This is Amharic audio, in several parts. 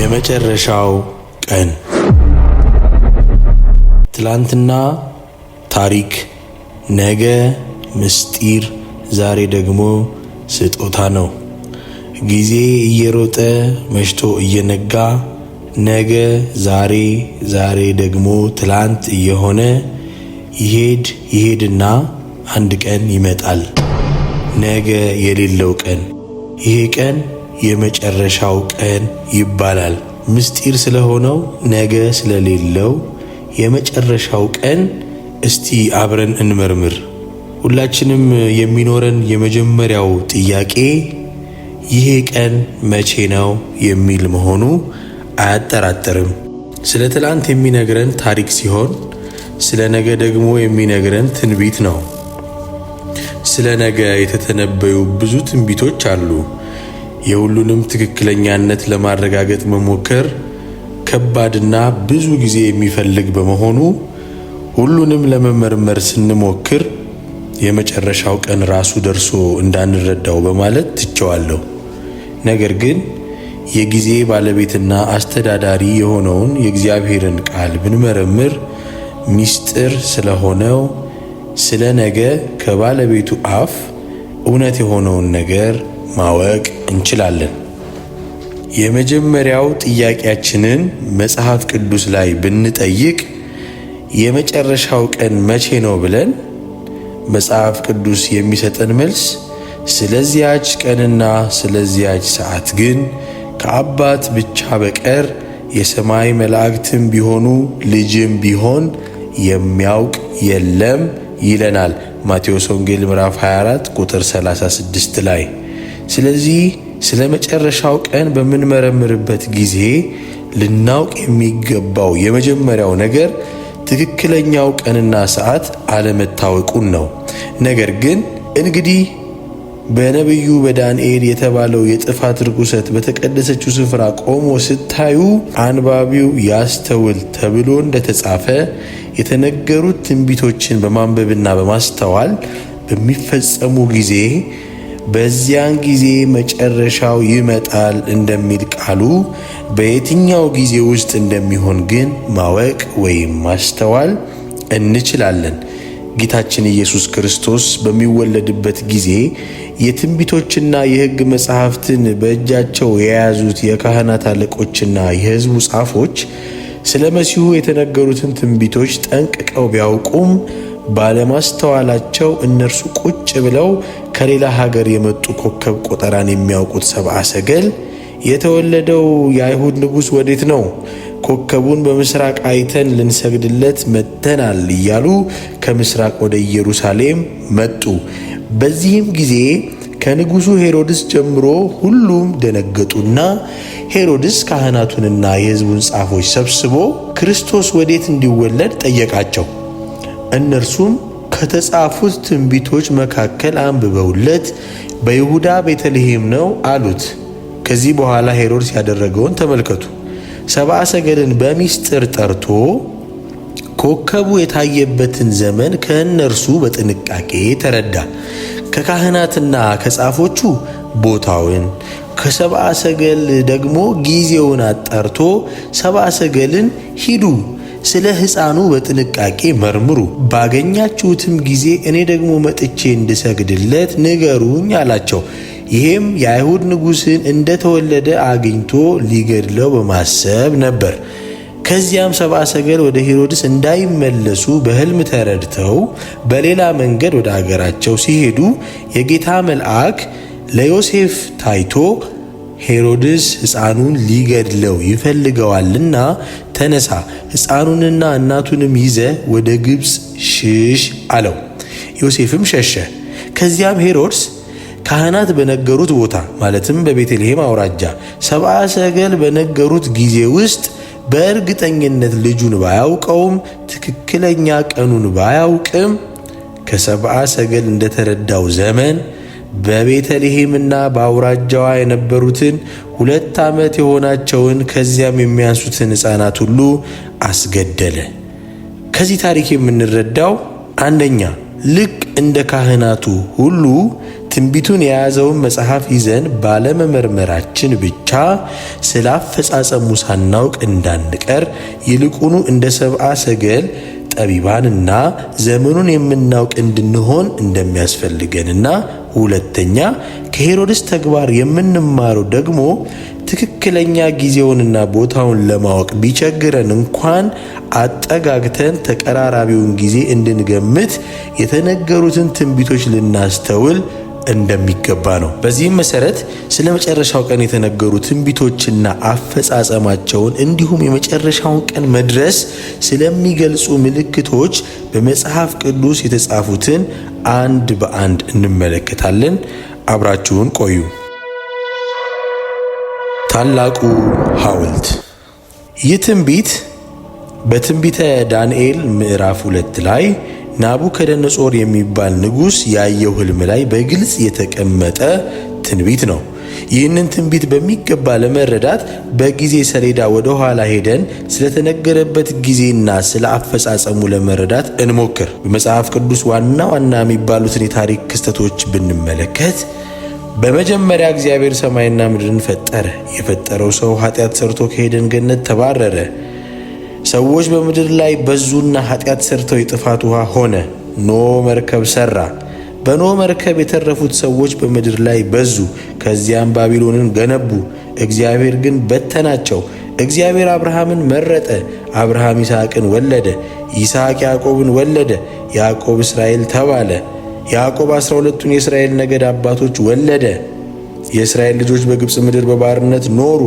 የመጨረሻው ቀን ትላንትና ታሪክ፣ ነገ ምስጢር፣ ዛሬ ደግሞ ስጦታ ነው። ጊዜ እየሮጠ መሽቶ እየነጋ ነገ ዛሬ ዛሬ ደግሞ ትላንት እየሆነ ይሄድ ይሄድና አንድ ቀን ይመጣል። ነገ የሌለው ቀን ይሄ ቀን የመጨረሻው ቀን ይባላል። ምስጢር ስለሆነው ነገ ስለሌለው የመጨረሻው ቀን እስቲ አብረን እንመርምር። ሁላችንም የሚኖረን የመጀመሪያው ጥያቄ ይሄ ቀን መቼ ነው የሚል መሆኑ አያጠራጥርም። ስለ ትላንት የሚነግረን ታሪክ ሲሆን ስለ ነገ ደግሞ የሚነግረን ትንቢት ነው። ስለ ነገ የተተነበዩ ብዙ ትንቢቶች አሉ። የሁሉንም ትክክለኛነት ለማረጋገጥ መሞከር ከባድና ብዙ ጊዜ የሚፈልግ በመሆኑ ሁሉንም ለመመርመር ስንሞክር የመጨረሻው ቀን ራሱ ደርሶ እንዳንረዳው በማለት ትቸዋለሁ። ነገር ግን የጊዜ ባለቤትና አስተዳዳሪ የሆነውን የእግዚአብሔርን ቃል ብንመረምር ሚስጥር ስለሆነው ስለ ነገ ከባለቤቱ አፍ እውነት የሆነውን ነገር ማወቅ እንችላለን። የመጀመሪያው ጥያቄያችንን መጽሐፍ ቅዱስ ላይ ብንጠይቅ የመጨረሻው ቀን መቼ ነው ብለን መጽሐፍ ቅዱስ የሚሰጠን መልስ ስለዚያች ቀንና ስለዚያች ሰዓት ግን ከአባት ብቻ በቀር የሰማይ መላእክትም ቢሆኑ ልጅም ቢሆን የሚያውቅ የለም ይለናል ማቴዎስ ወንጌል ምዕራፍ 24 ቁጥር 36 ላይ። ስለዚህ ስለ መጨረሻው ቀን በምንመረምርበት ጊዜ ልናውቅ የሚገባው የመጀመሪያው ነገር ትክክለኛው ቀንና ሰዓት አለመታወቁን ነው። ነገር ግን እንግዲህ በነቢዩ በዳንኤል የተባለው የጥፋት ርኩሰት በተቀደሰችው ስፍራ ቆሞ ስታዩ አንባቢው ያስተውል ተብሎ እንደተጻፈ የተነገሩት ትንቢቶችን በማንበብና በማስተዋል በሚፈጸሙ ጊዜ በዚያን ጊዜ መጨረሻው ይመጣል እንደሚል ቃሉ በየትኛው ጊዜ ውስጥ እንደሚሆን ግን ማወቅ ወይም ማስተዋል እንችላለን። ጌታችን ኢየሱስ ክርስቶስ በሚወለድበት ጊዜ የትንቢቶችና የሕግ መጻሕፍትን በእጃቸው የያዙት የካህናት አለቆችና የሕዝቡ ጻፎች ስለ መሲሁ የተነገሩትን ትንቢቶች ጠንቅቀው ቢያውቁም ባለማስተዋላቸው እነርሱ ቁጭ ብለው ከሌላ ሀገር የመጡ ኮከብ ቆጠራን የሚያውቁት ሰብአ ሰገል የተወለደው የአይሁድ ንጉሥ ወዴት ነው? ኮከቡን በምስራቅ አይተን ልንሰግድለት መጥተናል እያሉ ከምስራቅ ወደ ኢየሩሳሌም መጡ። በዚህም ጊዜ ከንጉሡ ሄሮድስ ጀምሮ ሁሉም ደነገጡና ሄሮድስ ካህናቱንና የሕዝቡን ጻፎች ሰብስቦ ክርስቶስ ወዴት እንዲወለድ ጠየቃቸው። እነርሱም ከተጻፉት ትንቢቶች መካከል አንብበውለት በይሁዳ ቤተልሔም ነው አሉት። ከዚህ በኋላ ሄሮድስ ያደረገውን ተመልከቱ። ሰብአ ሰገልን በሚስጥር ጠርቶ ኮከቡ የታየበትን ዘመን ከእነርሱ በጥንቃቄ ተረዳ። ከካህናትና ከጻፎቹ ቦታውን ከሰብአ ሰገል ደግሞ ጊዜውን አጣርቶ ሰብአ ሰገልን ሂዱ ስለ ሕፃኑ በጥንቃቄ መርምሩ፣ ባገኛችሁትም ጊዜ እኔ ደግሞ መጥቼ እንድሰግድለት ንገሩኝ አላቸው። ይህም የአይሁድ ንጉሥን እንደተወለደ አግኝቶ ሊገድለው በማሰብ ነበር። ከዚያም ሰብአ ሰገል ወደ ሄሮድስ እንዳይመለሱ በሕልም ተረድተው በሌላ መንገድ ወደ አገራቸው ሲሄዱ የጌታ መልአክ ለዮሴፍ ታይቶ ሄሮድስ ሕፃኑን ሊገድለው ይፈልገዋልና ተነሳ፣ ሕፃኑንና እናቱንም ይዘ ወደ ግብፅ ሽሽ አለው። ዮሴፍም ሸሸ። ከዚያም ሄሮድስ ካህናት በነገሩት ቦታ ማለትም በቤተልሔም አውራጃ ሰብአ ሰገል በነገሩት ጊዜ ውስጥ በእርግጠኝነት ልጁን ባያውቀውም ትክክለኛ ቀኑን ባያውቅም ከሰብአ ሰገል እንደተረዳው ዘመን በቤተልሔምና በአውራጃዋ የነበሩትን ሁለት ዓመት የሆናቸውን ከዚያም የሚያንሱትን ሕፃናት ሁሉ አስገደለ። ከዚህ ታሪክ የምንረዳው አንደኛ ልክ እንደ ካህናቱ ሁሉ ትንቢቱን የያዘውን መጽሐፍ ይዘን ባለመመርመራችን ብቻ ስለ አፈጻጸሙ ሳናውቅ እንዳንቀር፣ ይልቁኑ እንደ ሰብአ ሰገል ጠቢባንና ዘመኑን የምናውቅ እንድንሆን እንደሚያስፈልገንና ሁለተኛ ከሄሮድስ ተግባር የምንማረው ደግሞ ትክክለኛ ጊዜውንና ቦታውን ለማወቅ ቢቸግረን እንኳን አጠጋግተን ተቀራራቢውን ጊዜ እንድንገምት የተነገሩትን ትንቢቶች ልናስተውል እንደሚገባ ነው። በዚህም መሰረት ስለ መጨረሻው ቀን የተነገሩ ትንቢቶችና አፈጻጸማቸውን እንዲሁም የመጨረሻውን ቀን መድረስ ስለሚገልጹ ምልክቶች በመጽሐፍ ቅዱስ የተጻፉትን አንድ በአንድ እንመለከታለን። አብራችሁን ቆዩ። ታላቁ ሐውልት ይህ ትንቢት በትንቢተ ዳንኤል ምዕራፍ ሁለት ላይ ናቡከደነጾር የሚባል ንጉሥ ያየው ሕልም ላይ በግልጽ የተቀመጠ ትንቢት ነው። ይህንን ትንቢት በሚገባ ለመረዳት በጊዜ ሰሌዳ ወደ ኋላ ሄደን ስለተነገረበት ጊዜና ስለ አፈጻጸሙ ለመረዳት እንሞክር። በመጽሐፍ ቅዱስ ዋና ዋና የሚባሉትን የታሪክ ክስተቶች ብንመለከት በመጀመሪያ እግዚአብሔር ሰማይና ምድርን ፈጠረ። የፈጠረው ሰው ኃጢአት ሰርቶ ከሄደን ገነት ተባረረ። ሰዎች በምድር ላይ በዙና ኃጢአት ሰርተው የጥፋት ውሃ ሆነ። ኖ መርከብ ሠራ። በኖ መርከብ የተረፉት ሰዎች በምድር ላይ በዙ። ከዚያም ባቢሎንን ገነቡ። እግዚአብሔር ግን በተናቸው። እግዚአብሔር አብርሃምን መረጠ። አብርሃም ይስሐቅን ወለደ። ይስሐቅ ያዕቆብን ወለደ። ያዕቆብ እስራኤል ተባለ። ያዕቆብ አሥራ ሁለቱን የእስራኤል ነገድ አባቶች ወለደ። የእስራኤል ልጆች በግብፅ ምድር በባርነት ኖሩ።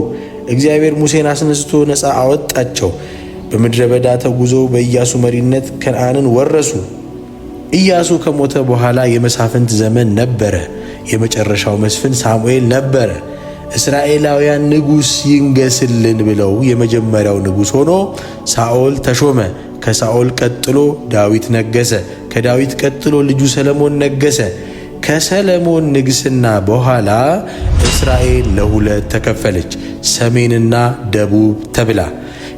እግዚአብሔር ሙሴን አስነስቶ ነፃ አወጣቸው። በምድረ በዳ ተጉዘው በኢያሱ መሪነት ከነአንን ወረሱ። ኢያሱ ከሞተ በኋላ የመሳፍንት ዘመን ነበረ። የመጨረሻው መስፍን ሳሙኤል ነበረ። እስራኤላውያን ንጉሥ ይንገስልን ብለው የመጀመሪያው ንጉሥ ሆኖ ሳኦል ተሾመ። ከሳኦል ቀጥሎ ዳዊት ነገሰ። ከዳዊት ቀጥሎ ልጁ ሰለሞን ነገሰ። ከሰለሞን ንግስና በኋላ እስራኤል ለሁለት ተከፈለች፣ ሰሜንና ደቡብ ተብላ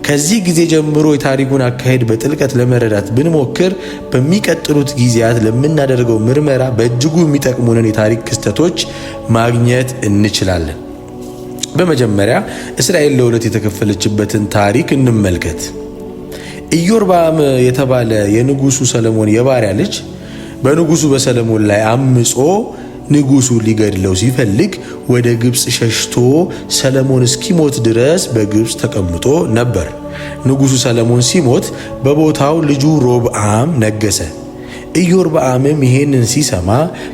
ከዚህ ጊዜ ጀምሮ የታሪኩን አካሄድ በጥልቀት ለመረዳት ብንሞክር በሚቀጥሉት ጊዜያት ለምናደርገው ምርመራ በእጅጉ የሚጠቅሙንን የታሪክ ክስተቶች ማግኘት እንችላለን። በመጀመሪያ እስራኤል ለሁለት የተከፈለችበትን ታሪክ እንመልከት። ኢዮርባም የተባለ የንጉሱ ሰለሞን የባሪያ ልጅ በንጉሱ በሰለሞን ላይ አምጾ ንጉሱ ሊገድለው ሲፈልግ ወደ ግብፅ ሸሽቶ ሰለሞን እስኪሞት ድረስ በግብፅ ተቀምጦ ነበር። ንጉሱ ሰለሞን ሲሞት በቦታው ልጁ ሮብዓም ነገሰ። ኢዮርብዓምም ይሄንን ሲሰማ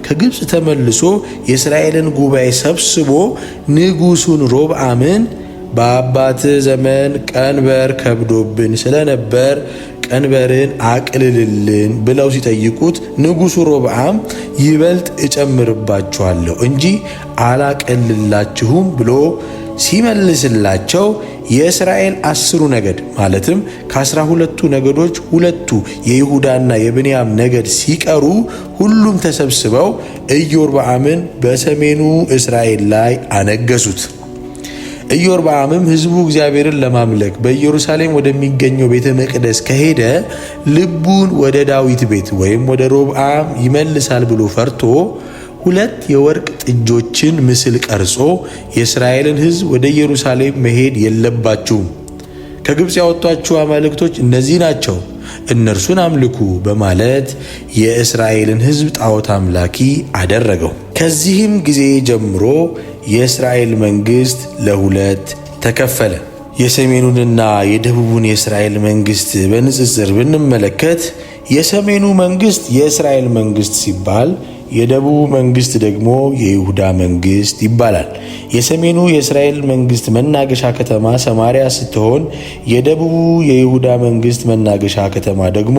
ከግብፅ ተመልሶ የእስራኤልን ጉባኤ ሰብስቦ ንጉሱን ሮብዓምን በአባት ዘመን ቀንበር ከብዶብን ስለነበር ቀንበርን አቅልልልን ብለው ሲጠይቁት ንጉሡ ሮብዓም ይበልጥ እጨምርባችኋለሁ እንጂ አላቀልላችሁም ብሎ ሲመልስላቸው የእስራኤል አስሩ ነገድ ማለትም ከአስራ ሁለቱ ነገዶች ሁለቱ የይሁዳና የብንያም ነገድ ሲቀሩ ሁሉም ተሰብስበው ኢዮርብዓምን በሰሜኑ እስራኤል ላይ አነገሱት። ኢዮርብዓምም ህዝቡ እግዚአብሔርን ለማምለክ በኢየሩሳሌም ወደሚገኘው ቤተ መቅደስ ከሄደ ልቡን ወደ ዳዊት ቤት ወይም ወደ ሮብዓም ይመልሳል ብሎ ፈርቶ ሁለት የወርቅ ጥጆችን ምስል ቀርጾ የእስራኤልን ህዝብ ወደ ኢየሩሳሌም መሄድ የለባችሁም፣ ከግብፅ ያወጧችሁ አማልክቶች እነዚህ ናቸው፣ እነርሱን አምልኩ በማለት የእስራኤልን ህዝብ ጣዖት አምላኪ አደረገው። ከዚህም ጊዜ ጀምሮ የእስራኤል መንግሥት ለሁለት ተከፈለ። የሰሜኑንና የደቡቡን የእስራኤል መንግሥት በንጽጽር ብንመለከት የሰሜኑ መንግሥት የእስራኤል መንግሥት ሲባል የደቡብ መንግስት ደግሞ የይሁዳ መንግስት ይባላል። የሰሜኑ የእስራኤል መንግስት መናገሻ ከተማ ሰማሪያ ስትሆን የደቡቡ የይሁዳ መንግስት መናገሻ ከተማ ደግሞ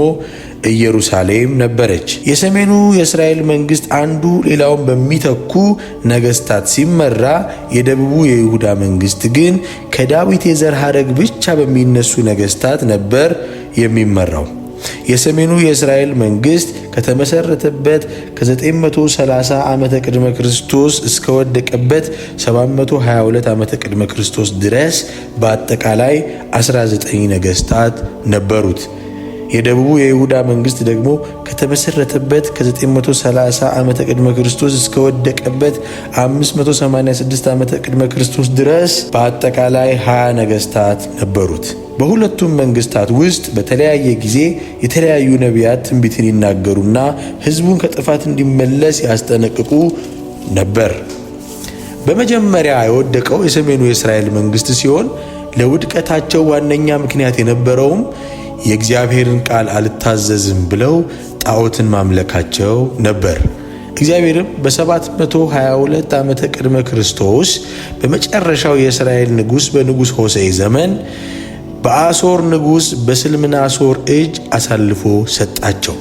ኢየሩሳሌም ነበረች። የሰሜኑ የእስራኤል መንግስት አንዱ ሌላውን በሚተኩ ነገስታት ሲመራ፣ የደቡቡ የይሁዳ መንግስት ግን ከዳዊት የዘር ሐረግ ብቻ በሚነሱ ነገስታት ነበር የሚመራው። የሰሜኑ የእስራኤል መንግስት ከተመሰረተበት ከ930 ዓመተ ቅድመ ክርስቶስ እስከወደቀበት 722 ዓመተ ቅድመ ክርስቶስ ድረስ በአጠቃላይ 19 ነገስታት ነበሩት። የደቡቡ የይሁዳ መንግስት ደግሞ ከተመሰረተበት ከ930 ዓመተ ቅድመ ክርስቶስ እስከወደቀበት 586 ዓመተ ቅድመ ክርስቶስ ድረስ በአጠቃላይ 20 ነገስታት ነበሩት። በሁለቱም መንግስታት ውስጥ በተለያየ ጊዜ የተለያዩ ነቢያት ትንቢትን ይናገሩና ህዝቡን ከጥፋት እንዲመለስ ያስጠነቅቁ ነበር። በመጀመሪያ የወደቀው የሰሜኑ የእስራኤል መንግስት ሲሆን ለውድቀታቸው ዋነኛ ምክንያት የነበረውም የእግዚአብሔርን ቃል አልታዘዝም ብለው ጣዖትን ማምለካቸው ነበር። እግዚአብሔርም በ722 ዓመተ ቅድመ ክርስቶስ በመጨረሻው የእስራኤል ንጉሥ በንጉሥ ሆሴዕ ዘመን በአሶር ንጉሥ በስልምናሶር እጅ አሳልፎ ሰጣቸው።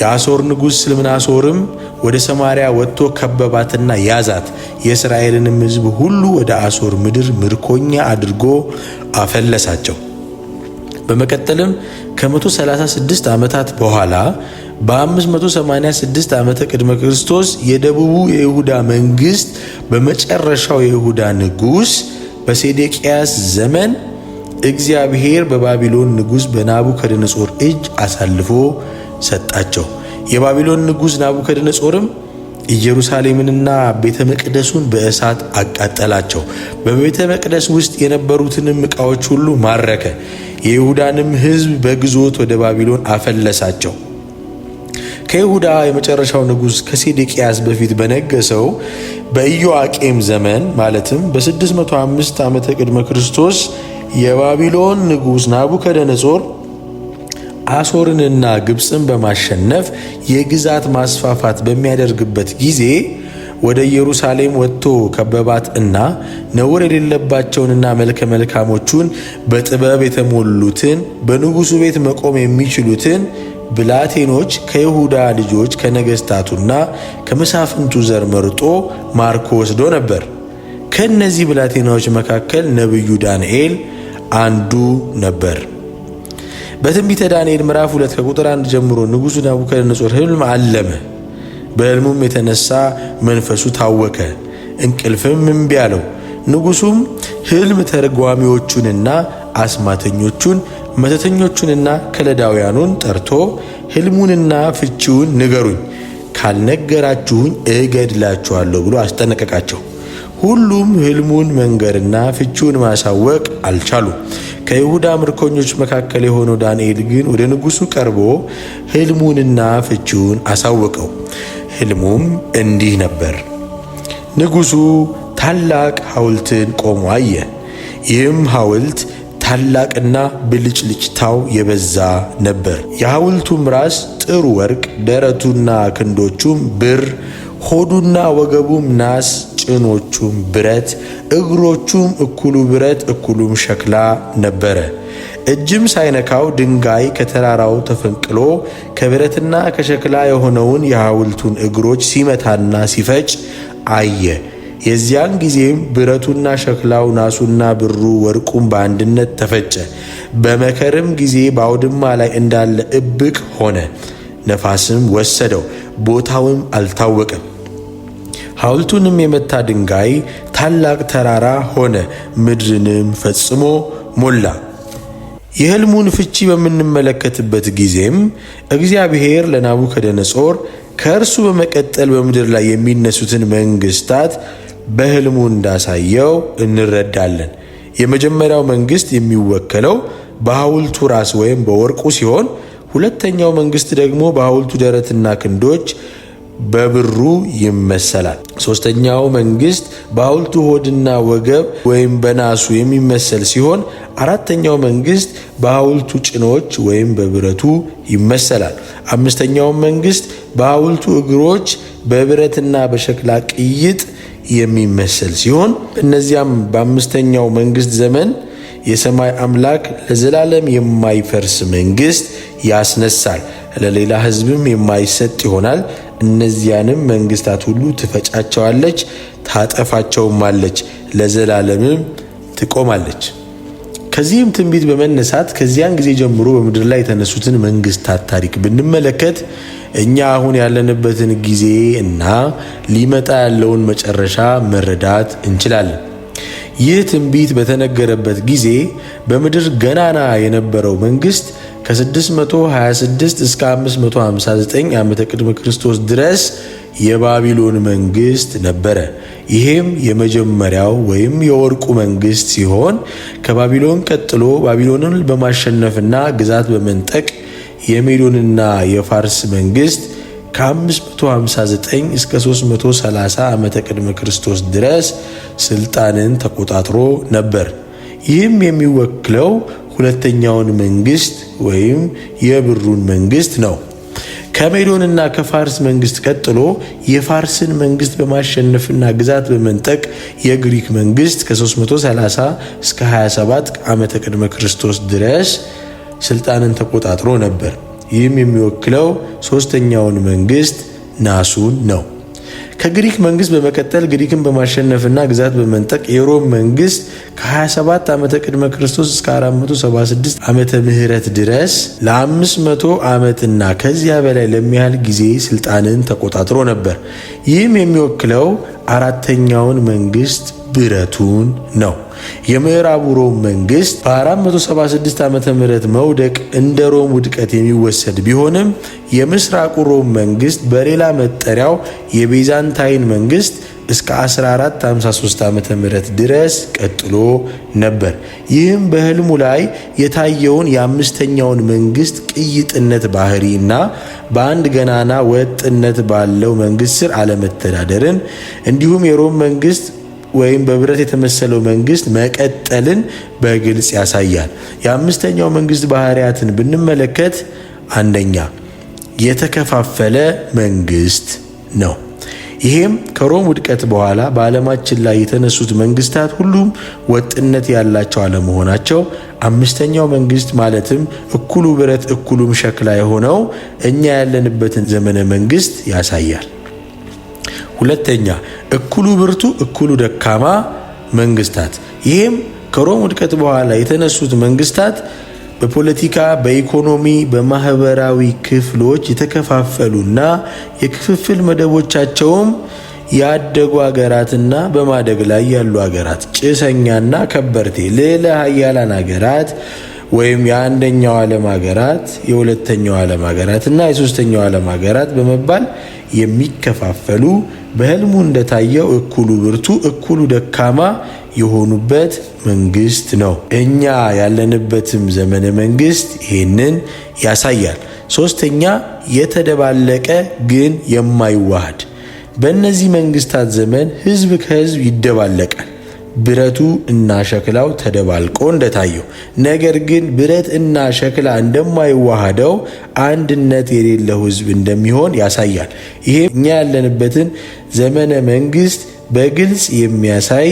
የአሶር ንጉሥ ስልምናሶርም ወደ ሰማርያ ወጥቶ ከበባትና ያዛት። የእስራኤልንም ሕዝብ ሁሉ ወደ አሶር ምድር ምርኮኛ አድርጎ አፈለሳቸው። በመቀጠልም ከ136 ዓመታት በኋላ በ586 ዓመተ ቅድመ ክርስቶስ የደቡቡ የይሁዳ መንግሥት በመጨረሻው የይሁዳ ንጉሥ በሴዴቅያስ ዘመን እግዚአብሔር በባቢሎን ንጉሥ በናቡከደነጾር እጅ አሳልፎ ሰጣቸው። የባቢሎን ንጉሥ ናቡከደነጾርም ኢየሩሳሌምንና ቤተ መቅደሱን በእሳት አቃጠላቸው። በቤተ መቅደስ ውስጥ የነበሩትንም ዕቃዎች ሁሉ ማረከ። የይሁዳንም ሕዝብ በግዞት ወደ ባቢሎን አፈለሳቸው። ከይሁዳ የመጨረሻው ንጉሥ ከሴዴቅያስ በፊት በነገሰው በኢዮአቄም ዘመን ማለትም በ605 ዓመተ ቅድመ ክርስቶስ የባቢሎን ንጉሥ ናቡከደነጾር አሶርንና ግብፅን በማሸነፍ የግዛት ማስፋፋት በሚያደርግበት ጊዜ ወደ ኢየሩሳሌም ወጥቶ ከበባት እና ነውር የሌለባቸውንና መልከ መልካሞቹን በጥበብ የተሞሉትን በንጉሡ ቤት መቆም የሚችሉትን ብላቴኖች ከይሁዳ ልጆች ከነገሥታቱና ከመሳፍንቱ ዘር መርጦ ማርኮ ወስዶ ነበር። ከእነዚህ ብላቴናዎች መካከል ነቢዩ ዳንኤል አንዱ ነበር። በትንቢተ ዳንኤል ምዕራፍ ሁለት ከቁጥር አንድ ጀምሮ ንጉሡ ናቡከደነጾር ህልም አለመ። በህልሙም የተነሳ መንፈሱ ታወከ፣ እንቅልፍም እምቢ አለው። ንጉሡም ህልም ተርጓሚዎቹንና አስማተኞቹን መተተኞቹንና ከለዳውያኑን ጠርቶ ህልሙንና ፍቺውን ንገሩኝ፣ ካልነገራችሁኝ እገድላችኋለሁ ብሎ አስጠነቀቃቸው። ሁሉም ህልሙን መንገርና ፍቹን ማሳወቅ አልቻሉ። ከይሁዳ ምርኮኞች መካከል የሆነው ዳንኤል ግን ወደ ንጉሡ ቀርቦ ህልሙንና ፍቺውን አሳወቀው። ህልሙም እንዲህ ነበር። ንጉሡ ታላቅ ሐውልትን ቆሞ አየ። ይህም ሐውልት ታላቅና ብልጭልጭታው የበዛ ነበር። የሐውልቱም ራስ ጥሩ ወርቅ፣ ደረቱና ክንዶቹም ብር፣ ሆዱና ወገቡም ናስ ጭኖቹም ብረት፣ እግሮቹም እኩሉ ብረት እኩሉም ሸክላ ነበረ። እጅም ሳይነካው ድንጋይ ከተራራው ተፈንቅሎ ከብረትና ከሸክላ የሆነውን የሐውልቱን እግሮች ሲመታና ሲፈጭ አየ። የዚያን ጊዜም ብረቱና ሸክላው፣ ናሱና ብሩ፣ ወርቁም በአንድነት ተፈጨ። በመከርም ጊዜ በአውድማ ላይ እንዳለ እብቅ ሆነ። ነፋስም ወሰደው፣ ቦታውም አልታወቀም። ሐውልቱንም የመታ ድንጋይ ታላቅ ተራራ ሆነ፣ ምድርንም ፈጽሞ ሞላ። የሕልሙን ፍቺ በምንመለከትበት ጊዜም እግዚአብሔር ለናቡከደነጾር ከእርሱ በመቀጠል በምድር ላይ የሚነሱትን መንግስታት በሕልሙ እንዳሳየው እንረዳለን። የመጀመሪያው መንግስት የሚወከለው በሐውልቱ ራስ ወይም በወርቁ ሲሆን ሁለተኛው መንግስት ደግሞ በሐውልቱ ደረትና ክንዶች በብሩ ይመሰላል። ሶስተኛው መንግስት በሐውልቱ ሆድና ወገብ ወይም በናሱ የሚመሰል ሲሆን አራተኛው መንግስት በሐውልቱ ጭኖች ወይም በብረቱ ይመሰላል። አምስተኛው መንግስት በሐውልቱ እግሮች በብረትና በሸክላ ቅይጥ የሚመሰል ሲሆን እነዚያም በአምስተኛው መንግስት ዘመን የሰማይ አምላክ ለዘላለም የማይፈርስ መንግስት ያስነሳል። ለሌላ ሕዝብም የማይሰጥ ይሆናል። እነዚያንም መንግስታት ሁሉ ትፈጫቸዋለች፣ ታጠፋቸውማለች፣ ለዘላለምም ትቆማለች። ከዚህም ትንቢት በመነሳት ከዚያን ጊዜ ጀምሮ በምድር ላይ የተነሱትን መንግስታት ታሪክ ብንመለከት እኛ አሁን ያለንበትን ጊዜ እና ሊመጣ ያለውን መጨረሻ መረዳት እንችላለን። ይህ ትንቢት በተነገረበት ጊዜ በምድር ገናና የነበረው መንግሥት ከ626 እስከ 559 ዓመተ ቅድመ ክርስቶስ ድረስ የባቢሎን መንግሥት ነበረ። ይህም የመጀመሪያው ወይም የወርቁ መንግሥት ሲሆን ከባቢሎን ቀጥሎ ባቢሎንን በማሸነፍና ግዛት በመንጠቅ የሜዶንና የፋርስ መንግሥት ከ559 እስከ 330 ዓመተ ቅድመ ክርስቶስ ድረስ ስልጣንን ተቆጣጥሮ ነበር። ይህም የሚወክለው ሁለተኛውን መንግስት ወይም የብሩን መንግስት ነው። ከሜዶንና ከፋርስ መንግስት ቀጥሎ የፋርስን መንግስት በማሸነፍና ግዛት በመንጠቅ የግሪክ መንግስት ከ330 እስከ 27 ዓመተ ቅድመ ክርስቶስ ድረስ ስልጣንን ተቆጣጥሮ ነበር። ይህም የሚወክለው ሦስተኛውን መንግሥት ናሱን ነው። ከግሪክ መንግሥት በመቀጠል ግሪክን በማሸነፍና ግዛት በመንጠቅ የሮም መንግሥት ከ27 ዓመተ ቅድመ ክርስቶስ እስከ 476 ዓመተ ምህረት ድረስ ለ500 ዓመትና ከዚያ በላይ ለሚያህል ጊዜ ሥልጣንን ተቆጣጥሮ ነበር። ይህም የሚወክለው አራተኛውን መንግሥት ብረቱን ነው። የምዕራቡ ሮም መንግስት በ476 ዓ ም መውደቅ እንደ ሮም ውድቀት የሚወሰድ ቢሆንም የምስራቁ ሮም መንግስት በሌላ መጠሪያው የቤዛንታይን መንግስት እስከ 1453 ዓ ም ድረስ ቀጥሎ ነበር። ይህም በህልሙ ላይ የታየውን የአምስተኛውን መንግስት ቅይጥነት ባህሪ እና በአንድ ገናና ወጥነት ባለው መንግስት ስር አለመተዳደርን እንዲሁም የሮም መንግስት ወይም በብረት የተመሰለው መንግስት መቀጠልን በግልጽ ያሳያል። የአምስተኛው መንግስት ባህሪያትን ብንመለከት አንደኛ የተከፋፈለ መንግስት ነው። ይሄም ከሮም ውድቀት በኋላ በዓለማችን ላይ የተነሱት መንግስታት ሁሉም ወጥነት ያላቸው አለመሆናቸው አምስተኛው መንግስት ማለትም እኩሉ ብረት እኩሉም ሸክላ የሆነው እኛ ያለንበትን ዘመነ መንግስት ያሳያል። ሁለተኛ እኩሉ ብርቱ እኩሉ ደካማ መንግስታት። ይህም ከሮም ውድቀት በኋላ የተነሱት መንግስታት በፖለቲካ፣ በኢኮኖሚ፣ በማህበራዊ ክፍሎች የተከፋፈሉና የክፍፍል መደቦቻቸውም ያደጉ ሀገራትና በማደግ ላይ ያሉ ሀገራት፣ ጭሰኛና ከበርቴ ልዕለ ሀያላን ሀገራት ወይም የአንደኛው ዓለም ሀገራት የሁለተኛው ዓለም ሀገራት እና የሶስተኛው ዓለም ሀገራት በመባል የሚከፋፈሉ በህልሙ እንደታየው እኩሉ ብርቱ እኩሉ ደካማ የሆኑበት መንግስት ነው። እኛ ያለንበትም ዘመነ መንግስት ይህንን ያሳያል። ሶስተኛ የተደባለቀ ግን የማይዋሃድ በእነዚህ መንግስታት ዘመን ህዝብ ከህዝብ ይደባለቃል። ብረቱ እና ሸክላው ተደባልቆ እንደታየው ነገር ግን ብረት እና ሸክላ እንደማይዋሃደው አንድነት የሌለው ህዝብ እንደሚሆን ያሳያል። ይሄ እኛ ያለንበትን ዘመነ መንግስት በግልጽ የሚያሳይ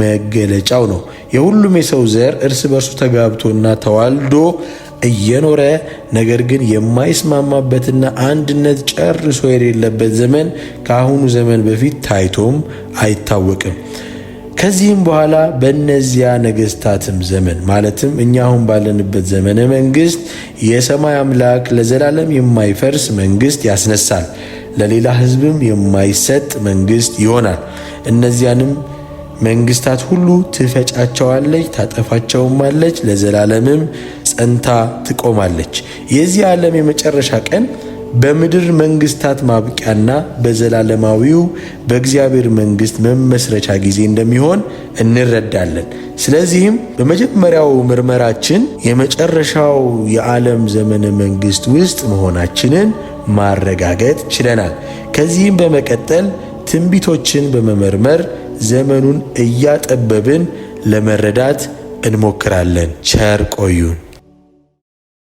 መገለጫው ነው። የሁሉም የሰው ዘር እርስ በርሱ ተጋብቶና ተዋልዶ እየኖረ ነገር ግን የማይስማማበትና አንድነት ጨርሶ የሌለበት ዘመን ከአሁኑ ዘመን በፊት ታይቶም አይታወቅም። ከዚህም በኋላ በእነዚያ ነገስታትም ዘመን ማለትም እኛ አሁን ባለንበት ዘመነ መንግስት የሰማይ አምላክ ለዘላለም የማይፈርስ መንግስት ያስነሳል፣ ለሌላ ህዝብም የማይሰጥ መንግስት ይሆናል። እነዚያንም መንግስታት ሁሉ ትፈጫቸዋለች፣ ታጠፋቸውማለች፣ ለዘላለምም ጸንታ ትቆማለች። የዚህ ዓለም የመጨረሻ ቀን በምድር መንግስታት ማብቂያና በዘላለማዊው በእግዚአብሔር መንግስት መመስረቻ ጊዜ እንደሚሆን እንረዳለን። ስለዚህም በመጀመሪያው ምርመራችን የመጨረሻው የዓለም ዘመነ መንግስት ውስጥ መሆናችንን ማረጋገጥ ችለናል። ከዚህም በመቀጠል ትንቢቶችን በመመርመር ዘመኑን እያጠበብን ለመረዳት እንሞክራለን። ቸር ቆዩን።